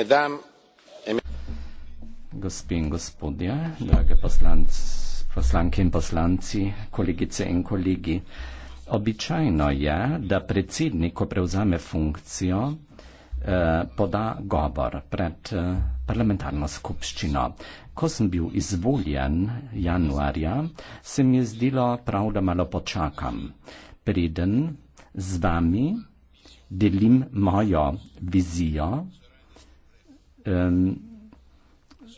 ne dam. Gospi in gospodje, drage poslanc, poslanke in poslanci, kolegice in kolegi. Običajno je, da predsednik, ko prevzame funkcijo, eh, poda govor pred eh, parlamentarno skupščino. Ko sem bil izvoljen januarja, se mi je zdelo prav, da malo počakam. Preden z vami delim mojo vizijo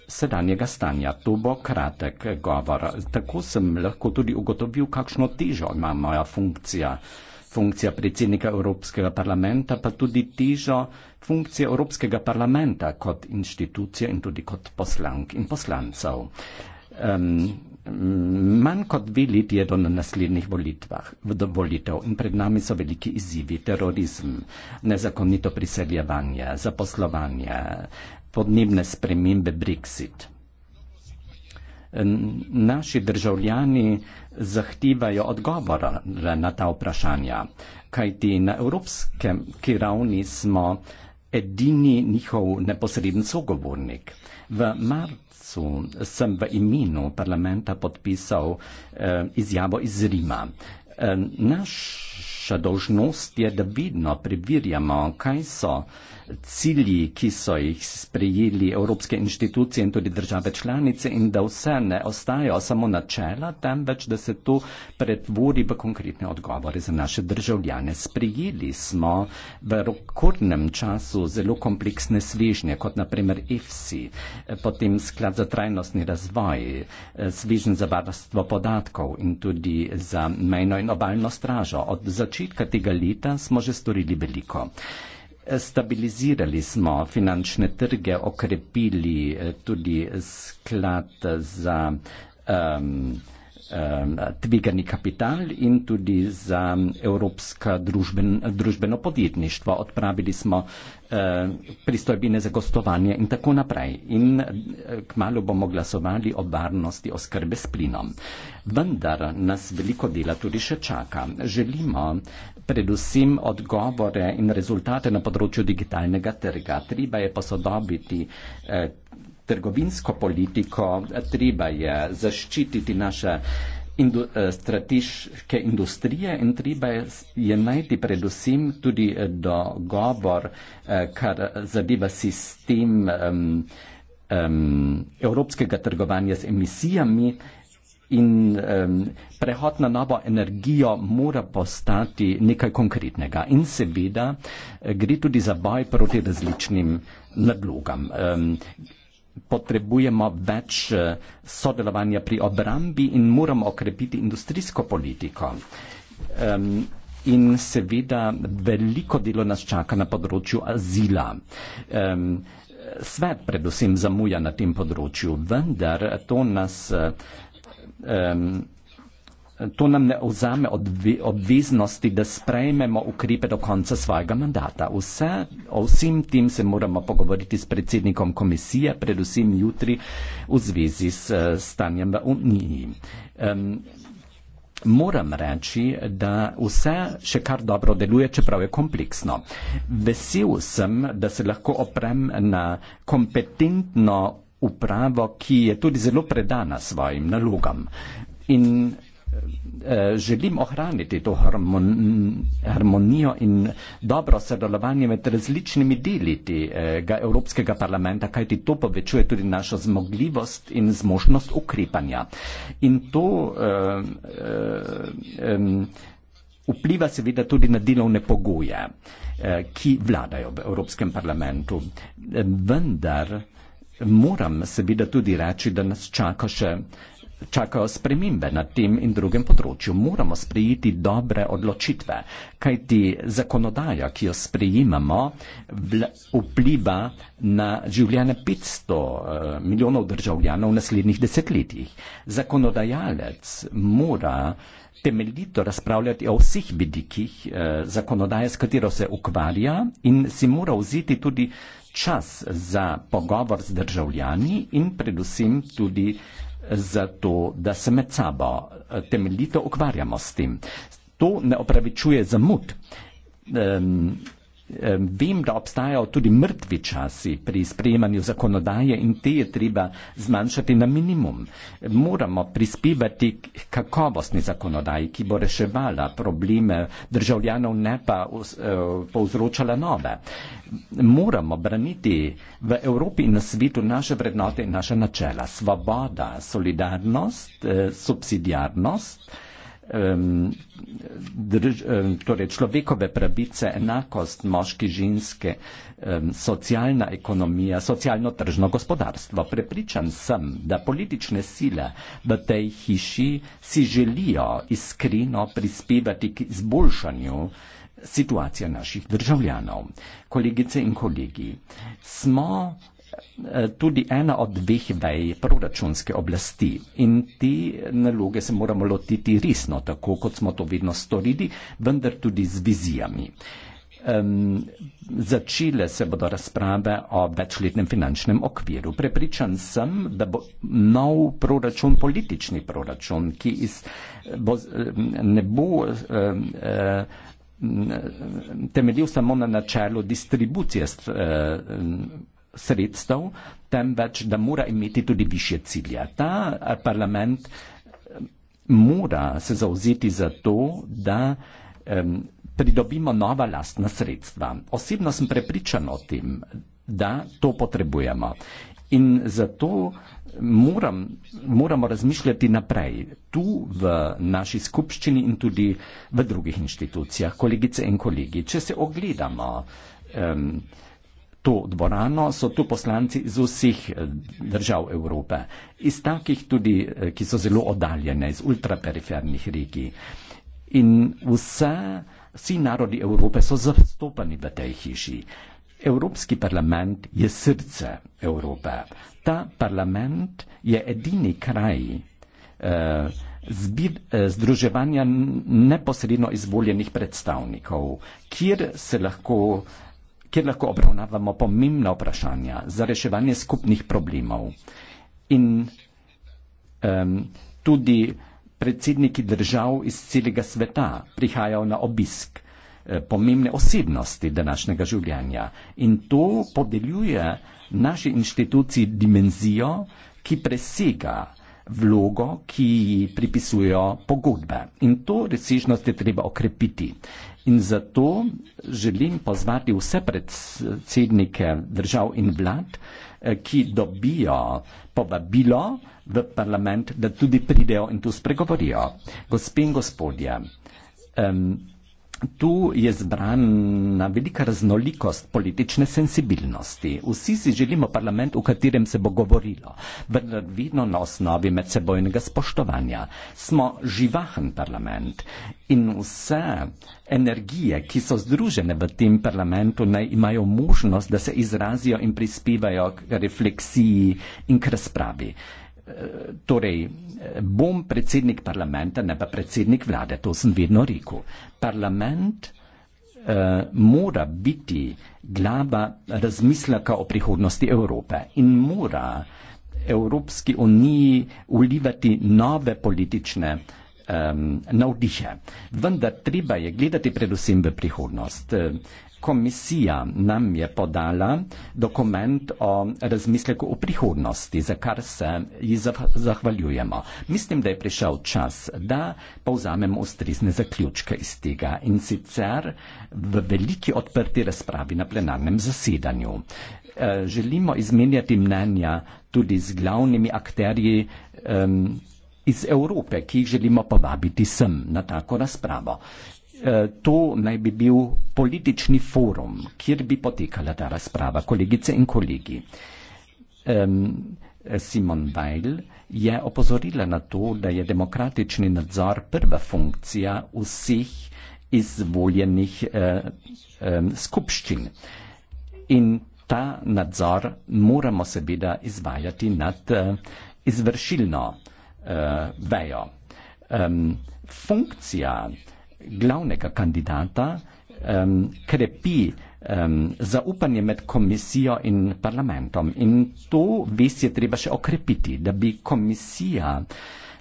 sedanjega stanja. To bo kratek govor. Tako sem lahko tudi ugotovil, kakšno težo ima moja funkcija. Funkcija predsednika Evropskega parlamenta, pa tudi težo funkcije Evropskega parlamenta kot inštitucije in tudi kot poslank in poslancev. Um, manj kot dve leti je do na naslednjih volitvah, do volitev in pred nami so veliki izzivi. Terorizem, nezakonito priseljevanje, zaposlovanje, podnebne spremembe Brexit. Naši državljani zahtevajo odgovora na ta vprašanja, kajti na evropskem ravni smo edini njihov neposreden sogovornik. V marcu sem v imenu parlamenta podpisal eh, izjavo iz Rima. Eh, naš naša dožnost je, da vidno privirjamo, kaj so cilji, ki so jih sprejeli evropske inštitucije in tudi države članice in da vse ne ostajo samo načela, temveč da se to pretvori v konkretne odgovore za naše državljane. Sprejeli smo v rekordnem času zelo kompleksne svežnje, kot naprimer EFSI, potem sklad za trajnostni razvoj, svežen za varstvo podatkov in tudi za mejno in obaljno stražo. Od začetka tega leta smo že storili veliko. Stabilizirali smo finančne trge, okrepili eh, tudi sklad za um, um, tvegani kapital in tudi za evropsko družben, družbeno podjetništvo. Odpravili smo uh, Eh, pristojbine za gostovanje in tako naprej. In eh, kmalo bomo glasovali o varnosti oskrbe s plinom. Vendar nas veliko dela tudi še čaka. Želimo predvsem odgovore in rezultate na področju digitalnega trga. Treba je posodobiti eh, trgovinsko politiko, treba je zaščititi naše eh, indu, eh, strateške industrije in treba je najti predvsem tudi eh, dogovor, eh, kar zadeva sistem um, um, evropskega trgovanja z emisijami. In um, prehod na novo energijo mora postati nekaj konkretnega. In seveda gre tudi za boj proti različnim nadlogam. Um, potrebujemo več eh, sodelovanja pri obrambi in moramo okrepiti industrijsko politiko. Um, in seveda veliko delo nas čaka na področju azila. Um, svet predvsem zamuja na tem področju, vendar to nas um, to nam ne vzame obveznosti, da sprejmemo ukrepe do konca svojega mandata. Vse, o vsem tem se moramo pogovoriti s predsednikom komisije, predvsem jutri v zvezi s eh, stanjem v Uniji. Um, moram reči, da vse še kar dobro deluje, čeprav je kompleksno. Vesel sem, da se lahko oprem na kompetentno upravo, ki je tudi zelo predana svojim nalogam. In Eh, želim ohraniti to harmon, harmonijo in dobro sodelovanje med različnimi deli tega eh, Evropskega parlamenta, kajti to povečuje tudi našo zmogljivost in zmožnost ukrepanja. In to um, um, vpliva seveda tudi na delovne pogoje, ki vladajo v Evropskem parlamentu. Vendar moram seveda tudi reči, da nas čaka še Čakajo spremembe na tem in drugem področju. Moramo sprejeti dobre odločitve, kajti zakonodaja, ki jo sprejemamo, vpliva na življenje 500 eh, milijonov državljanov v naslednjih desetletjih. Zakonodajalec mora temeljito razpravljati o vseh vidikih eh, zakonodaje, s katero se ukvarja in si mora vzeti tudi čas za pogovor z državljani in predvsem tudi zato, da se med sabo eh, temeljito ukvarjamo s tem. To ne opravičuje zamud. Um, Vem, da obstajajo tudi mrtvi časi pri sprejemanju zakonodaje in te je treba zmanjšati na minimum. Moramo prispevati k kakovostni zakonodaji, ki bo reševala probleme državljanov, ne pa e, povzročala nove. Moramo braniti v Evropi in na svetu naše vrednote in naše načela. Svoboda, solidarnost, e, subsidijarnost. Ehm, drž, ehm, torej človekove pravice, enakost moški, ženske, ehm, socialna ekonomija, socialno tržno gospodarstvo. Prepričan sem, da politične sile v tej hiši si želijo iskreno prispevati k izboljšanju situacije naših državljanov. Kolegice in kolegi, smo Eh, tudi ena od dveh vej proračunske oblasti. In te naloge se moramo lotiti resno, tako kot smo to vedno storili, vendar tudi z vizijami. Um, začele se bodo razprave o večletnem finančnem okviru. Prepričan sem, da bo nov proračun, politični proračun, ki iz, bo, ne bo um, um, temeljil samo na načelu distribucije. Um, sredstev, temveč da mora imeti tudi više cilje. Ta eh, parlament eh, mora se zauzeti za to, da um, pridobimo nova lastna sredstva. Osebno sem prepričan o tem, da to potrebujemo. In zato eh, moram, moramo razmišljati naprej, tu v naši skupščini in tudi v drugih inštitucijah, kolegice in kolegi. Če se ogledamo, um, to dvorano, so tu poslanci iz vseh eh, držav Evrope, iz takih tudi, eh, ki so zelo oddaljene, iz ultraperifernih regij. In vse, vsi narodi Evrope so zastopani v tej hiši. Evropski parlament je srce Evrope. Ta parlament je edini kraj eh, zbir, eh, združevanja neposredno izvoljenih predstavnikov, kjer se lahko kjer lahko obravnavamo pomembna vprašanja za reševanje skupnih problemov. In um, tudi predsedniki držav iz celega sveta prihajajo na obisk eh, pomembne osebnosti današnjega življenja. In to podeljuje naši inštituciji dimenzijo, ki presega vlogo, ki ji pripisujejo pogodbe. In to resničnost je treba okrepiti. In zato želim pozvati vse predsednike držav in vlad, eh, ki dobijo povabilo v parlament, da tudi pridejo in tu spregovorijo. Gospe in gospodje, Tu je zbrana velika raznolikost politične sensibilnosti. Vsi si želimo parlament, v katerem se bo govorilo, vendar vidno na osnovi medsebojnega spoštovanja. Smo živahen parlament in vse energije, ki so združene v tem parlamentu, naj imajo možnost, da se izrazijo in prispevajo k refleksiji in k razpravi. E, torej, bom predsednik parlamenta, ne pa predsednik vlade, to sem vedno rekel. Parlament eh, mora biti glava razmisleka o prihodnosti Evrope in mora Evropski uniji ulivati nove politične eh, navdiše. Vendar treba je gledati predvsem v prihodnost. Eh, komisija nam je podala dokument o razmisleku v prihodnosti, za kar se ji zahvaljujemo. Mislim, da je prišel čas, da povzamemo ustrizne zaključke iz tega in sicer v veliki odprti razpravi na plenarnem zasedanju. Eh, želimo izmenjati mnenja tudi z glavnimi akterji iz Evrope, ki jih želimo povabiti sem na tako razpravo. Eh, to naj bi bil politični forum, kjer bi potekala ta razprava, kolegice in kolegi. Um, Simon Weil je opozorila na to, da je demokratični nadzor prva funkcija vseh izvoljenih eh, eh, skupščin. In ta nadzor moramo seveda izvajati nad eh, izvršilno eh, vejo. Um, funkcija eh, glavnega kandidata um, krepi um, zaupanje med komisijo in parlamentom. In to vest je treba še okrepiti, da bi komisija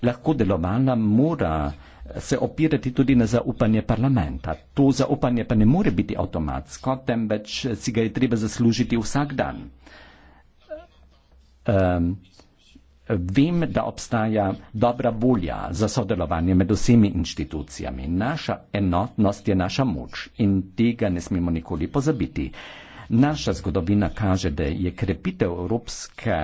lahko delovala, mora se opirati tudi na zaupanje parlamenta. To zaupanje pa ne more biti avtomatsko, temveč si ga je treba zaslužiti vsak dan. Um, Vem, da obstaja dobra volja za sodelovanje med vsemi inštitucijami. Naša enotnost je naša moč in tega ne smemo nikoli pozabiti. Naša zgodovina kaže, da je krepitev evropske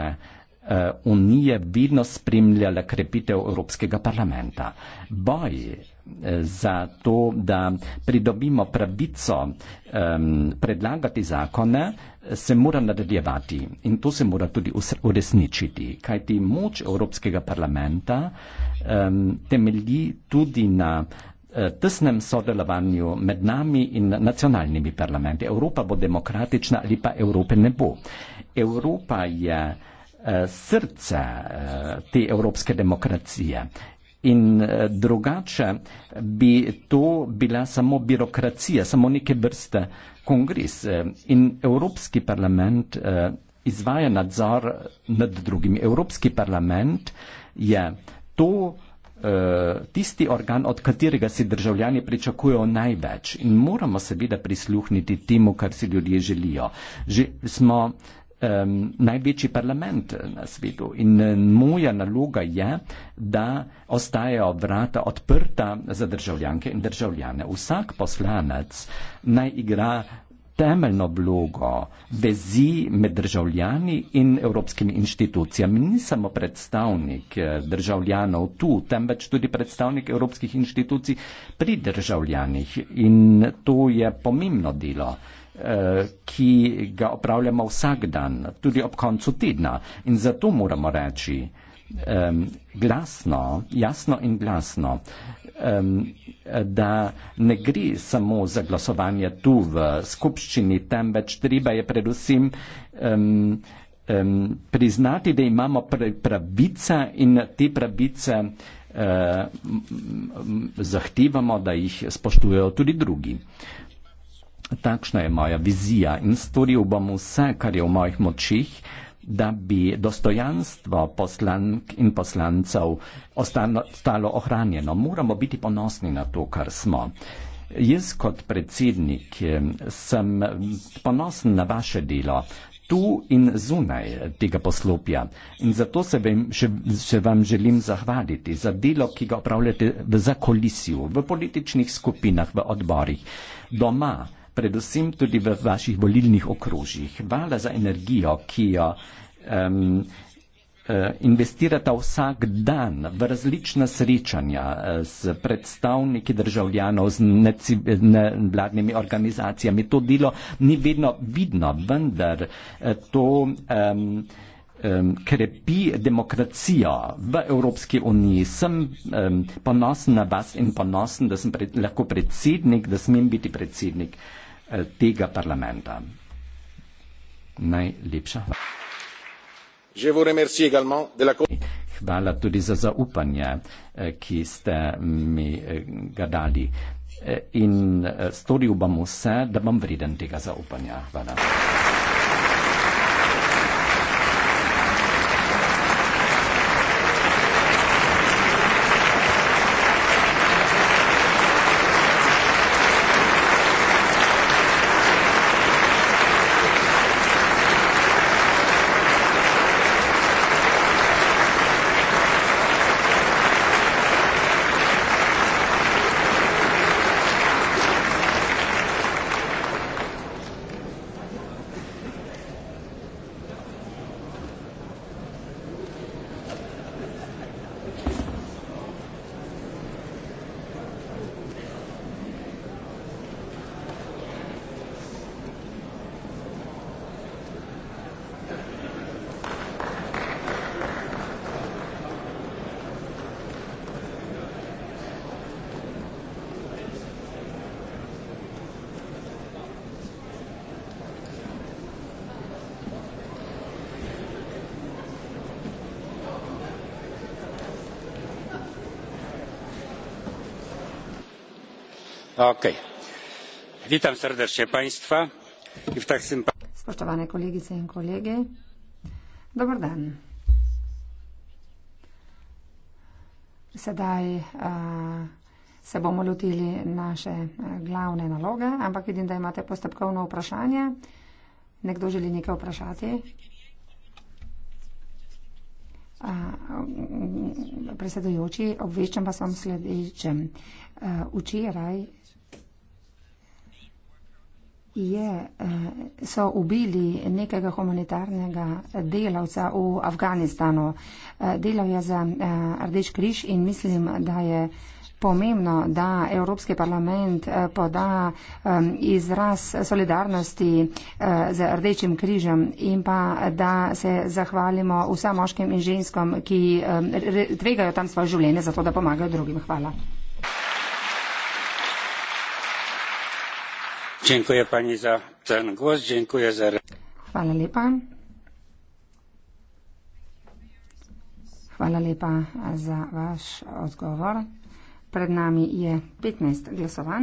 Eh, unije vidno spremljala krepitev Evropskega parlamenta. Boj eh, za to, da pridobimo pravico um, predlagati zakone, se mora nadaljevati in to se mora tudi uresničiti, kajti moč Evropskega parlamenta um, temelji tudi na eh, tesnem sodelovanju med nami in nacionalnimi parlamenti. Evropa bo demokratična ali pa Evrope ne bo. Evropa je Eh, srce eh, te evropske demokracije. In eh, drugače bi to bila samo birokracija, samo neke vrste kongres. In Evropski parlament izvaja nadzor nad drugimi. Evropski parlament je to tisti organ, od katerega si državljani pričakujejo največ. In moramo seveda prisluhniti temu, kar si ljudje želijo. Že smo um, največji parlament na svetu. In eh, moja naloga je, da ostajajo vrata odprta za državljanke in državljane. Vsak poslanec naj igra temeljno vlogo vezi med državljani in evropskimi inštitucijami. Ni samo predstavnik eh, državljanov tu, temveč tudi predstavnik evropskih inštitucij pri državljanih. In to je pomembno delo ki ga opravljamo vsak dan, tudi ob koncu tedna. In zato moramo reči um, glasno, jasno in glasno, um, da ne gre samo za glasovanje tu v skupščini, temveč treba je predvsem um, um, priznati, da imamo pravice in te pravice uh, zahtevamo, da jih spoštujejo tudi drugi. Takšna je moja vizija in storil bom vse, kar je v mojih močih, da bi dostojanstvo poslank in poslancev ostalo ohranjeno. Moramo biti ponosni na to, kar smo. Jaz kot predsednik sem ponosen na vaše delo tu in zunaj tega poslopja. In zato se vem, še, še vam želim zahvaliti za delo, ki ga opravljate v zakolisju, v političnih skupinah, v odborih, doma predvsem tudi v vaših volilnih okrožjih. Hvala za energijo, ki jo um, investirata vsak dan v različna srečanja eh, s predstavniki državljanov, z nevladnimi organizacijami. To delo ni vedno vidno, vendar eh, to um, um, krepi demokracijo v Evropski uniji. Sem um, ponosen na vas in ponosen, da sem pred, lahko predsednik, da smem biti predsednik. Eh, tega parlamenta. Najlepša hvala. Hvala tudi za zaupanje, eh, ki ste mi eh, ga dali. In storil bom vse, da bom vreden tega zaupanja. Hvala. witam serdecznie państwa i w tak spoczywane kolegi i kolegi dobar dan sedaj se bomo lotili naše glavne naloge ampak vidim da imate postopkovno vprašanje nekdo želi nekaj vprašati predsedujoči obveščam vas o sledečem včeraj je, eh, so ubili nekega humanitarnega delavca v Afganistanu. Eh, delal je za eh, Rdeč križ in mislim, da je pomembno, da Evropski parlament poda izraz solidarnosti z Rdečim križem in pa da se zahvalimo vsem moškim in ženskom, ki tvegajo tam svoje življenje, zato da pomagajo drugim. Hvala. dziękuję pani za ten głos dziękuję za Hvala lepa. Hvala lepa za vaš odgovor. Pred nami je 15 glasovanj.